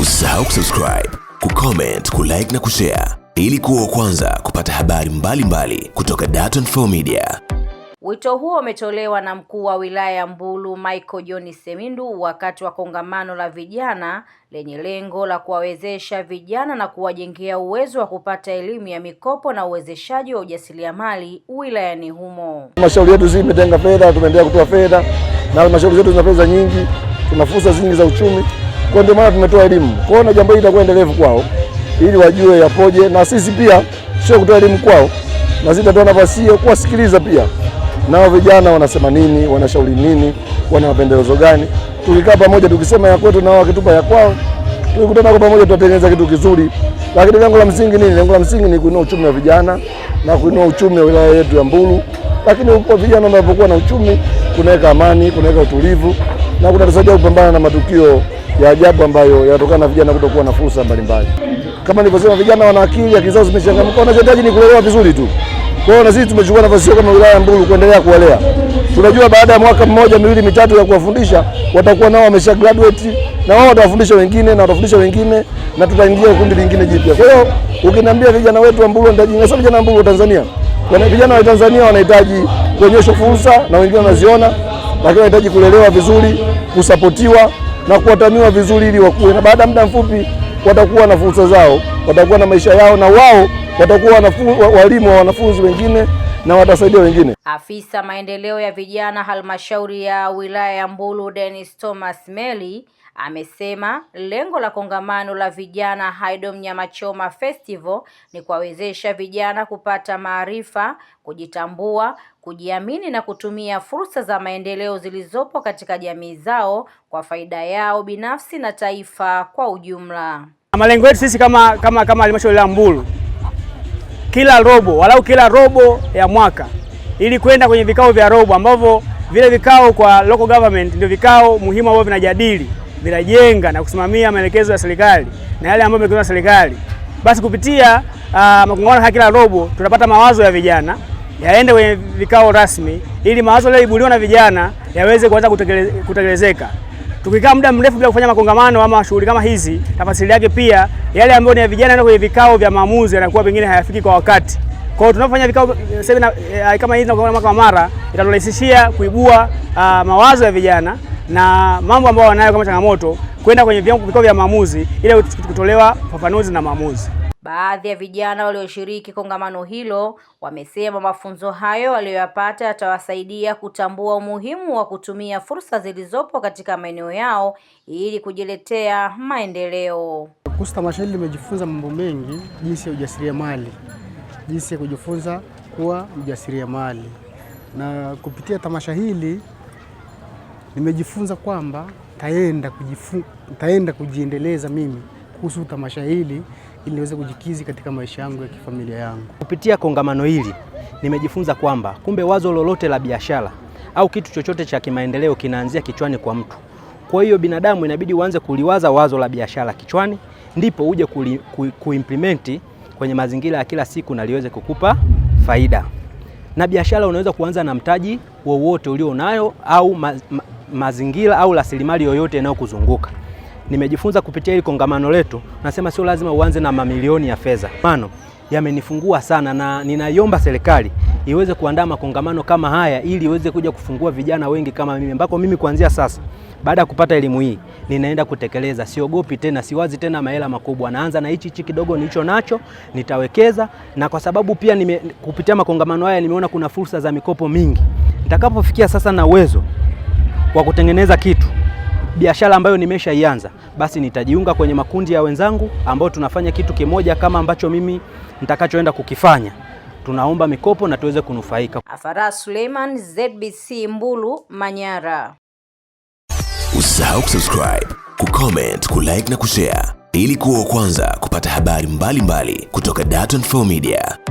Usisahau kusubscribe, kucomment, kulike na kushare ili kuwa kwanza kupata habari mbalimbali mbali kutoka Dar24 Media. Wito huo umetolewa na mkuu wa wilaya ya Mbulu Michael John Semindu wakati wa kongamano la vijana lenye lengo la kuwawezesha vijana na kuwajengea uwezo wa kupata elimu ya mikopo na uwezeshaji wa ujasiriamali wilayani humo. Halmashauri yetu zimetenga imetenga fedha, tumeendelea kutoa fedha na halmashauri zetu zina fedha nyingi, tuna fursa nyingi za uchumi. Kwa ndio maana tumetoa elimu kwao, na jambo hili litakuwa endelevu kwao, ili wajue yapoje, na sisi pia sio kutoa elimu kwao, na sisi tutatoa nafasi hiyo kuwasikiliza pia nao vijana wanasema nini, wanashauri nini, wana mapendekezo gani. Tukikaa pamoja tukisema ya kwetu na wao wakitupa ya kwao, tukikutana kwa pamoja tutatengeneza kitu kizuri. Lakini lengo la msingi nini? Lengo la msingi ni kuinua uchumi wa vijana na kuinua uchumi wa wilaya yetu ya Mbulu. Lakini huko vijana wanapokuwa na uchumi, kunaweka amani, kunaweka utulivu na kunatusaidia kupambana na matukio ya ajabu ambayo yanatokana na vijana kutokuwa na fursa mbalimbali. Kama nilivyosema, vijana wana akili, akili zao zimechangamka, wanachohitaji ni kulelewa vizuri tu. Kwa hiyo na sisi tumechukua nafasi hiyo kama wilaya ya Mbulu kuendelea kuwalea. Tunajua baada ya mwaka mmoja miwili mitatu ya kuwafundisha watakuwa nao wamesha graduate na wao watawafundisha wengine na watafundisha wengine na tutaingia kundi lingine jipya. Kwa hiyo ukiniambia vijana wetu wa Mbulu wanahitaji sio vijana wa Mbulu wa Tanzania. Kwa Vijana wa Tanzania wanahitaji kuonyeshwa fursa na wengine wanaziona, lakini wanahitaji kulelewa vizuri, kusapotiwa na kuwatamiwa vizuri ili wakuwe, na baada ya muda mfupi watakuwa na fursa zao, watakuwa na maisha yao, na wao watakuwa walimu wa wanafunzi wengine na watasaidia wengine. Afisa maendeleo ya vijana halmashauri ya wilaya ya Mbulu Dennis Thomas Meli amesema lengo la kongamano la vijana Haydom Nyamachoma Festival ni kuwawezesha vijana kupata maarifa, kujitambua, kujiamini na kutumia fursa za maendeleo zilizopo katika jamii zao kwa faida yao binafsi na taifa kwa ujumla. Malengo yetu sisi kama kama kama halmashauri ya Mbulu kila robo, walau kila robo ya mwaka, ili kwenda kwenye vikao vya robo ambavyo vile vikao kwa local government ndio vikao muhimu ambavyo vinajadili, vinajenga na kusimamia maelekezo ya serikali na yale ambayo yamekuwa na serikali. Basi kupitia uh, makongamano haya kila robo tunapata mawazo ya vijana yaende kwenye vikao rasmi, ili mawazo yaliyoibuliwa na vijana yaweze kuanza kutekelezeka. Tukikaa muda mrefu bila kufanya makongamano ama shughuli kama hizi, tafasiri yake pia yale ambayo ni ya vijana na kwenye vikao vya maamuzi yanakuwa pengine hayafiki kwa wakati. Kwa hiyo tunapofanya vikao eh, semina eh, kama hizi na kwa mara kwa mara, itaturahisishia kuibua uh, mawazo ya vijana na mambo ambayo wanayo kama changamoto kwenda kwenye vikao vya maamuzi ili kutolewa fafanuzi na maamuzi. Baadhi ya vijana walioshiriki kongamano hilo wamesema mafunzo hayo waliyoyapata yatawasaidia kutambua umuhimu wa kutumia fursa zilizopo katika maeneo yao ili kujiletea maendeleo. Kuhusu tamasha hili limejifunza mambo mengi, jinsi ya ujasiriamali, jinsi ya kujifunza kuwa mjasiriamali, na kupitia tamasha hili nimejifunza kwamba taenda, taenda kujiendeleza mimi kuhusu tamasha hili ili niweze kujikizi katika maisha yangu ya kifamilia yangu. Kupitia kongamano hili nimejifunza kwamba kumbe wazo lolote la biashara au kitu chochote cha kimaendeleo kinaanzia kichwani kwa mtu. Kwa hiyo binadamu inabidi uanze kuliwaza wazo la biashara kichwani, ndipo uje kuimplementi ku, kwenye mazingira ya kila siku na liweze kukupa faida. Na biashara unaweza kuanza na mtaji wowote ulio nayo au ma, ma, mazingira au rasilimali yoyote inayokuzunguka nimejifunza kupitia hili kongamano letu, nasema sio lazima uanze na mamilioni ya fedha. Mano yamenifungua sana, na ninaiomba serikali iweze kuandaa makongamano kama haya ili iweze kuja kufungua vijana wengi kama mimi, ambako mimi kuanzia sasa baada ya kupata elimu hii ninaenda kutekeleza. Siogopi tena, siwazi tena mahela makubwa, naanza na hichi hichi kidogo nilicho nacho nitawekeza, na kwa sababu pia nime, kupitia makongamano haya nimeona kuna fursa za mikopo mingi. Nitakapofikia sasa na uwezo wa kutengeneza kitu biashara ambayo nimeshaianza, basi nitajiunga kwenye makundi ya wenzangu ambao tunafanya kitu kimoja kama ambacho mimi nitakachoenda kukifanya. Tunaomba mikopo na tuweze kunufaika. Afara Suleiman, ZBC Mbulu, Manyara. Usisahau kusubscribe, kucomment, kulike na kushare ili kuwa wa kwanza kupata habari mbalimbali mbali kutoka Dar24 Media.